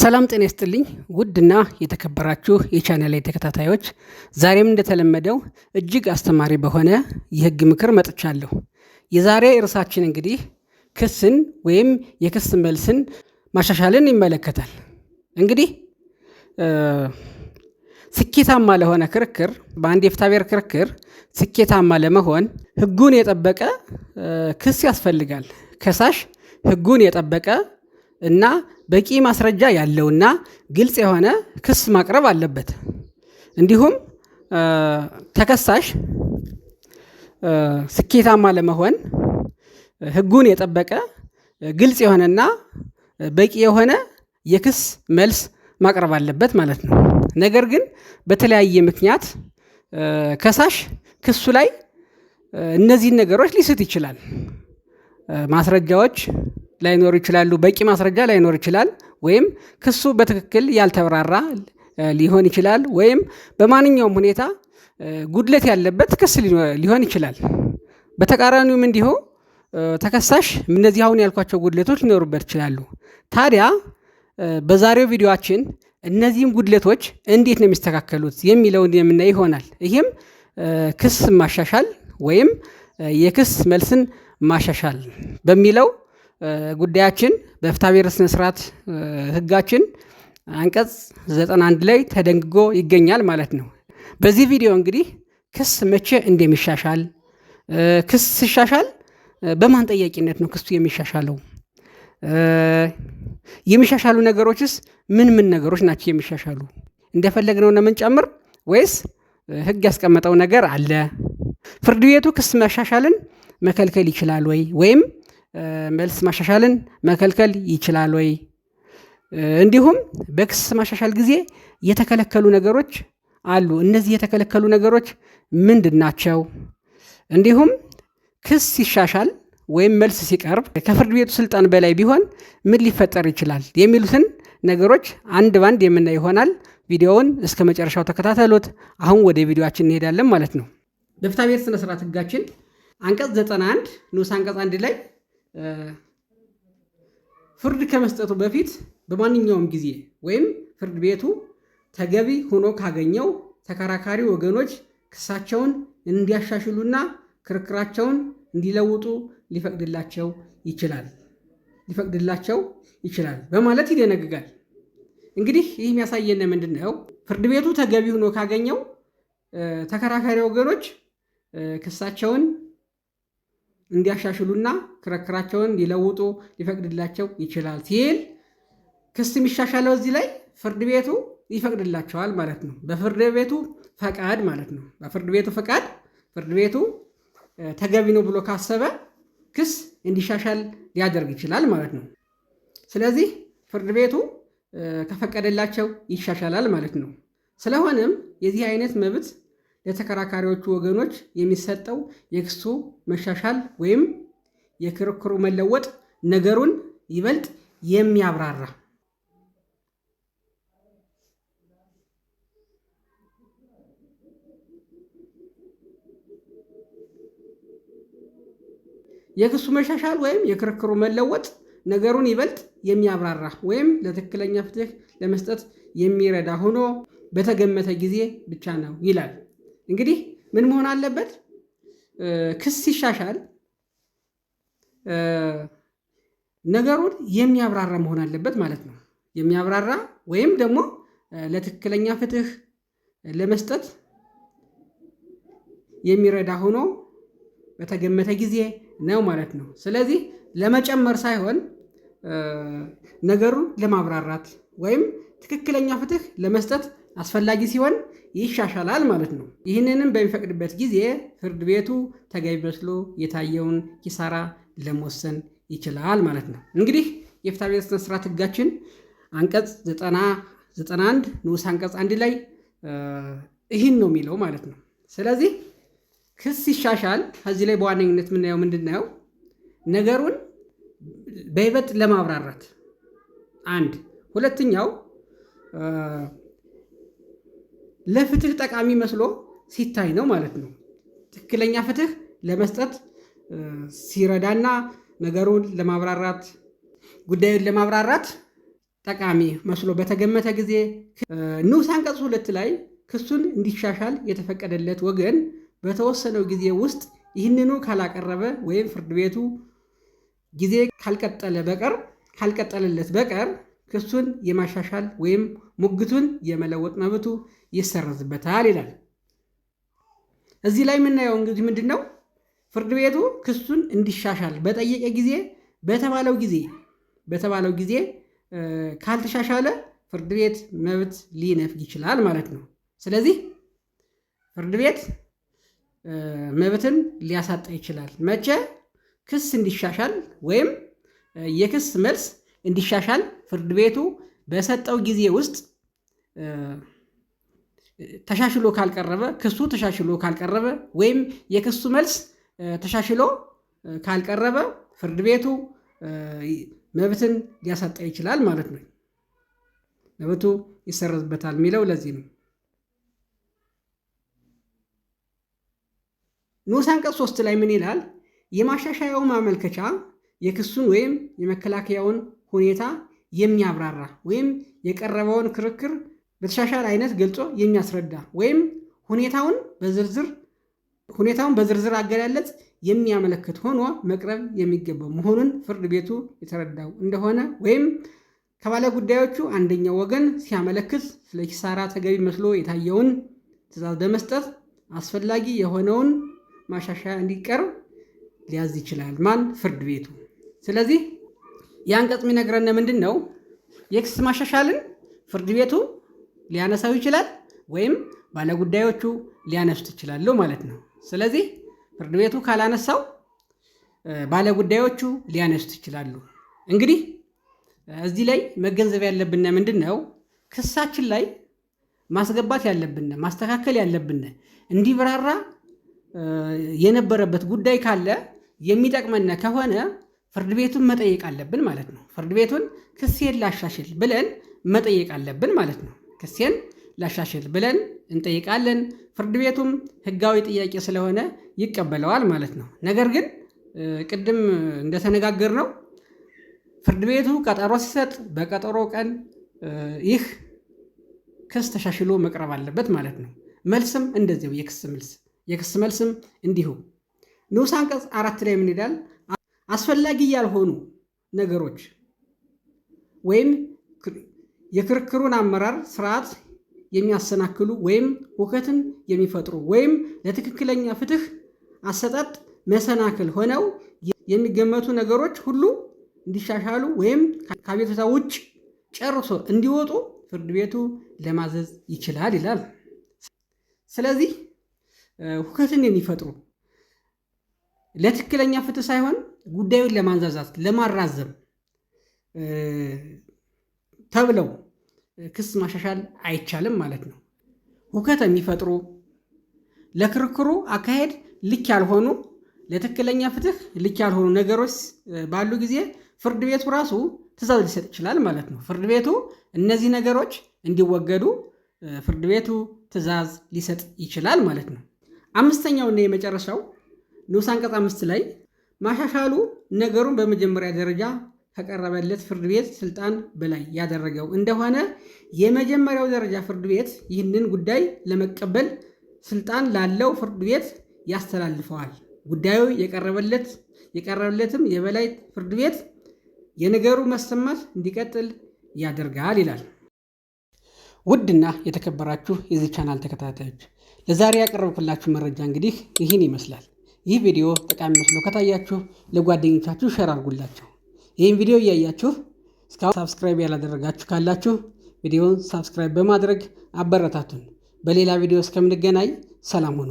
ሰላም ጤና ይስጥልኝ ውድና የተከበራችሁ የቻናል ላይ ተከታታዮች፣ ዛሬም እንደተለመደው እጅግ አስተማሪ በሆነ የህግ ምክር መጥቻለሁ። የዛሬ ርዕሳችን እንግዲህ ክስን ወይም የክስ መልስን ማሻሻልን ይመለከታል። እንግዲህ ስኬታማ ለሆነ ክርክር በአንድ የፍታብሔር ክርክር ስኬታማ ለመሆን ህጉን የጠበቀ ክስ ያስፈልጋል። ከሳሽ ህጉን የጠበቀ እና በቂ ማስረጃ ያለውና ግልጽ የሆነ ክስ ማቅረብ አለበት። እንዲሁም ተከሳሽ ስኬታማ ለመሆን ሕጉን የጠበቀ ግልጽ የሆነና በቂ የሆነ የክስ መልስ ማቅረብ አለበት ማለት ነው። ነገር ግን በተለያየ ምክንያት ከሳሽ ክሱ ላይ እነዚህን ነገሮች ሊስት ይችላል። ማስረጃዎች ላይኖሩ ይችላሉ፣ በቂ ማስረጃ ላይኖር ይችላል፣ ወይም ክሱ በትክክል ያልተብራራ ሊሆን ይችላል፣ ወይም በማንኛውም ሁኔታ ጉድለት ያለበት ክስ ሊሆን ይችላል። በተቃራኒውም እንዲሁ ተከሳሽ እነዚህ አሁን ያልኳቸው ጉድለቶች ሊኖሩበት ይችላሉ። ታዲያ በዛሬው ቪዲዮችን እነዚህም ጉድለቶች እንዴት ነው የሚስተካከሉት የሚለውን የምናይ ይሆናል። ይህም ክስ ማሻሻል ወይም የክስ መልስን ማሻሻል በሚለው ጉዳያችን በፍትሐብሔር ስነ ስርዓት ህጋችን አንቀጽ 91 ላይ ተደንግጎ ይገኛል ማለት ነው። በዚህ ቪዲዮ እንግዲህ ክስ መቼ እንደሚሻሻል፣ ክስ ሲሻሻል በማን ጠያቂነት ነው ክሱ የሚሻሻለው፣ የሚሻሻሉ ነገሮችስ ምን ምን ነገሮች ናቸው የሚሻሻሉ፣ እንደፈለግነው ነው የምንጨምር ወይስ ህግ ያስቀመጠው ነገር አለ፣ ፍርድ ቤቱ ክስ መሻሻልን መከልከል ይችላል ወይ ወይም መልስ ማሻሻልን መከልከል ይችላል ወይ? እንዲሁም በክስ ማሻሻል ጊዜ የተከለከሉ ነገሮች አሉ። እነዚህ የተከለከሉ ነገሮች ምንድን ናቸው? እንዲሁም ክስ ሲሻሻል ወይም መልስ ሲቀርብ ከፍርድ ቤቱ ስልጣን በላይ ቢሆን ምን ሊፈጠር ይችላል? የሚሉትን ነገሮች አንድ ባንድ የምናይ ይሆናል። ቪዲዮውን እስከ መጨረሻው ተከታተሉት። አሁን ወደ ቪዲዮችን እንሄዳለን ማለት ነው። በፍትሐ ብሔር ስነስርዓት ህጋችን አንቀጽ 91 ንዑስ አንቀጽ አንድ ላይ ፍርድ ከመስጠቱ በፊት በማንኛውም ጊዜ ወይም ፍርድ ቤቱ ተገቢ ሆኖ ካገኘው ተከራካሪ ወገኖች ክሳቸውን እንዲያሻሽሉና ክርክራቸውን እንዲለውጡ ሊፈቅድላቸው ይችላል ሊፈቅድላቸው ይችላል በማለት ይደነግጋል። እንግዲህ ይህ የሚያሳየን ምንድን ነው? ፍርድ ቤቱ ተገቢ ሆኖ ካገኘው ተከራካሪ ወገኖች ክሳቸውን እንዲያሻሽሉና ክርክራቸውን ሊለውጡ ሊፈቅድላቸው ይችላል ሲል ክስ የሚሻሻለው እዚህ ላይ ፍርድ ቤቱ ይፈቅድላቸዋል ማለት ነው። በፍርድ ቤቱ ፈቃድ ማለት ነው። በፍርድ ቤቱ ፈቃድ ፍርድ ቤቱ ተገቢ ነው ብሎ ካሰበ ክስ እንዲሻሻል ሊያደርግ ይችላል ማለት ነው። ስለዚህ ፍርድ ቤቱ ከፈቀደላቸው ይሻሻላል ማለት ነው። ስለሆነም የዚህ አይነት መብት ለተከራካሪዎቹ ወገኖች የሚሰጠው የክሱ መሻሻል ወይም የክርክሩ መለወጥ ነገሩን ይበልጥ የሚያብራራ የክሱ መሻሻል ወይም የክርክሩ መለወጥ ነገሩን ይበልጥ የሚያብራራ ወይም ለትክክለኛ ፍትህ ለመስጠት የሚረዳ ሆኖ በተገመተ ጊዜ ብቻ ነው ይላል። እንግዲህ ምን መሆን አለበት? ክስ ሲሻሻል ነገሩን የሚያብራራ መሆን አለበት ማለት ነው። የሚያብራራ ወይም ደግሞ ለትክክለኛ ፍትህ ለመስጠት የሚረዳ ሆኖ በተገመተ ጊዜ ነው ማለት ነው። ስለዚህ ለመጨመር ሳይሆን ነገሩን ለማብራራት ወይም ትክክለኛ ፍትህ ለመስጠት አስፈላጊ ሲሆን ይሻሻላል ማለት ነው። ይህንንም በሚፈቅድበት ጊዜ ፍርድ ቤቱ ተገቢ መስሎ የታየውን ኪሳራ ለመወሰን ይችላል ማለት ነው። እንግዲህ የፍትሐብሔር ሥነ ሥርዓት ህጋችን አንቀጽ 91 ንዑስ አንቀጽ አንድ ላይ ይህን ነው የሚለው ማለት ነው። ስለዚህ ክስ ይሻሻል ከዚህ ላይ በዋነኝነት የምናየው ምንድናየው ነገሩን በይበጥ ለማብራራት አንድ ሁለተኛው ለፍትህ ጠቃሚ መስሎ ሲታይ ነው ማለት ነው። ትክክለኛ ፍትህ ለመስጠት ሲረዳና ነገሩን ለማብራራት ጉዳዩን ለማብራራት ጠቃሚ መስሎ በተገመተ ጊዜ ንዑስ አንቀጽ ሁለት ላይ ክሱን እንዲሻሻል የተፈቀደለት ወገን በተወሰነው ጊዜ ውስጥ ይህንኑ ካላቀረበ ወይም ፍርድ ቤቱ ጊዜ ካልቀጠለ በቀር ካልቀጠለለት በቀር ክሱን የማሻሻል ወይም ሙግቱን የመለወጥ መብቱ ይሰረዝበታል ይላል። እዚህ ላይ የምናየው እንግዲህ ምንድን ነው? ፍርድ ቤቱ ክሱን እንዲሻሻል በጠየቀ ጊዜ በተባለው ጊዜ በተባለው ጊዜ ካልተሻሻለ ፍርድ ቤት መብት ሊነፍግ ይችላል ማለት ነው። ስለዚህ ፍርድ ቤት መብትን ሊያሳጣ ይችላል። መቼ? ክስ እንዲሻሻል ወይም የክስ መልስ እንዲሻሻል ፍርድ ቤቱ በሰጠው ጊዜ ውስጥ ተሻሽሎ ካልቀረበ ክሱ ተሻሽሎ ካልቀረበ ወይም የክሱ መልስ ተሻሽሎ ካልቀረበ ፍርድ ቤቱ መብትን ሊያሳጣ ይችላል ማለት ነው። መብቱ ይሰረዝበታል የሚለው ለዚህ ነው። ንዑስ አንቀጽ ሶስት ላይ ምን ይላል? የማሻሻያው ማመልከቻ የክሱን ወይም የመከላከያውን ሁኔታ የሚያብራራ ወይም የቀረበውን ክርክር በተሻሻለ አይነት ገልጾ የሚያስረዳ ወይም ሁኔታውን በዝርዝር ሁኔታውን በዝርዝር አገላለጽ የሚያመለክት ሆኖ መቅረብ የሚገባው መሆኑን ፍርድ ቤቱ የተረዳው እንደሆነ ወይም ከባለ ጉዳዮቹ አንደኛው ወገን ሲያመለክት ስለ ኪሳራ ተገቢ መስሎ የታየውን ትዕዛዝ በመስጠት አስፈላጊ የሆነውን ማሻሻያ እንዲቀርብ ሊያዝ ይችላል። ማን? ፍርድ ቤቱ። ስለዚህ የአንቀጽ የሚነግረን ምንድን ነው? የክስ ማሻሻልን ፍርድ ቤቱ ሊያነሳው ይችላል ወይም ባለጉዳዮቹ ሊያነሱት ይችላሉ ማለት ነው። ስለዚህ ፍርድ ቤቱ ካላነሳው ባለጉዳዮቹ ሊያነሱት ይችላሉ። እንግዲህ እዚህ ላይ መገንዘብ ያለብን ምንድን ነው? ክሳችን ላይ ማስገባት ያለብን ማስተካከል ያለብን እንዲብራራ የነበረበት ጉዳይ ካለ የሚጠቅመን ከሆነ ፍርድ ቤቱን መጠየቅ አለብን ማለት ነው። ፍርድ ቤቱን ክሴን ላሻሽል ብለን መጠየቅ አለብን ማለት ነው። ክሴን ላሻሽል ብለን እንጠይቃለን። ፍርድ ቤቱም ህጋዊ ጥያቄ ስለሆነ ይቀበለዋል ማለት ነው። ነገር ግን ቅድም እንደተነጋገር ነው ፍርድ ቤቱ ቀጠሮ ሲሰጥ በቀጠሮ ቀን ይህ ክስ ተሻሽሎ መቅረብ አለበት ማለት ነው። መልስም እንደዚሁ የክስ መልስ የክስ መልስም እንዲሁ። ንዑስ አንቀጽ አራት ላይ ምን ይላል? አስፈላጊ ያልሆኑ ነገሮች ወይም የክርክሩን አመራር ስርዓት የሚያሰናክሉ ወይም ሁከትን የሚፈጥሩ ወይም ለትክክለኛ ፍትህ አሰጣጥ መሰናክል ሆነው የሚገመቱ ነገሮች ሁሉ እንዲሻሻሉ ወይም ከቤተሰብ ውጭ ጨርሶ እንዲወጡ ፍርድ ቤቱ ለማዘዝ ይችላል ይላል። ስለዚህ ሁከትን የሚፈጥሩ ለትክክለኛ ፍትህ ሳይሆን ጉዳዩን ለማንዛዛት ለማራዘም ተብለው ክስ ማሻሻል አይቻልም ማለት ነው። ሁከት የሚፈጥሩ ለክርክሩ አካሄድ ልክ ያልሆኑ ለትክክለኛ ፍትህ ልክ ያልሆኑ ነገሮች ባሉ ጊዜ ፍርድ ቤቱ ራሱ ትዛዝ ሊሰጥ ይችላል ማለት ነው። ፍርድ ቤቱ እነዚህ ነገሮች እንዲወገዱ ፍርድ ቤቱ ትዛዝ ሊሰጥ ይችላል ማለት ነው። አምስተኛውና የመጨረሻው ንዑስ አንቀጽ አምስት ላይ ማሻሻሉ ነገሩን በመጀመሪያ ደረጃ ከቀረበለት ፍርድ ቤት ስልጣን በላይ ያደረገው እንደሆነ የመጀመሪያው ደረጃ ፍርድ ቤት ይህንን ጉዳይ ለመቀበል ስልጣን ላለው ፍርድ ቤት ያስተላልፈዋል። ጉዳዩ የቀረበለት የቀረበለትም የበላይ ፍርድ ቤት የነገሩ መሰማት እንዲቀጥል ያደርጋል ይላል። ውድና የተከበራችሁ የዚህ ቻናል ተከታታዮች ለዛሬ ያቀረብኩላችሁ መረጃ እንግዲህ ይህን ይመስላል። ይህ ቪዲዮ ጠቃሚ መስሎ ከታያችሁ ለጓደኞቻችሁ ሸር አድርጉላቸው። ይህን ቪዲዮ እያያችሁ እስካሁን ሳብስክራይብ ያላደረጋችሁ ካላችሁ ቪዲዮውን ሳብስክራይብ በማድረግ አበረታቱን። በሌላ ቪዲዮ እስከምንገናኝ ሰላም ሁኑ።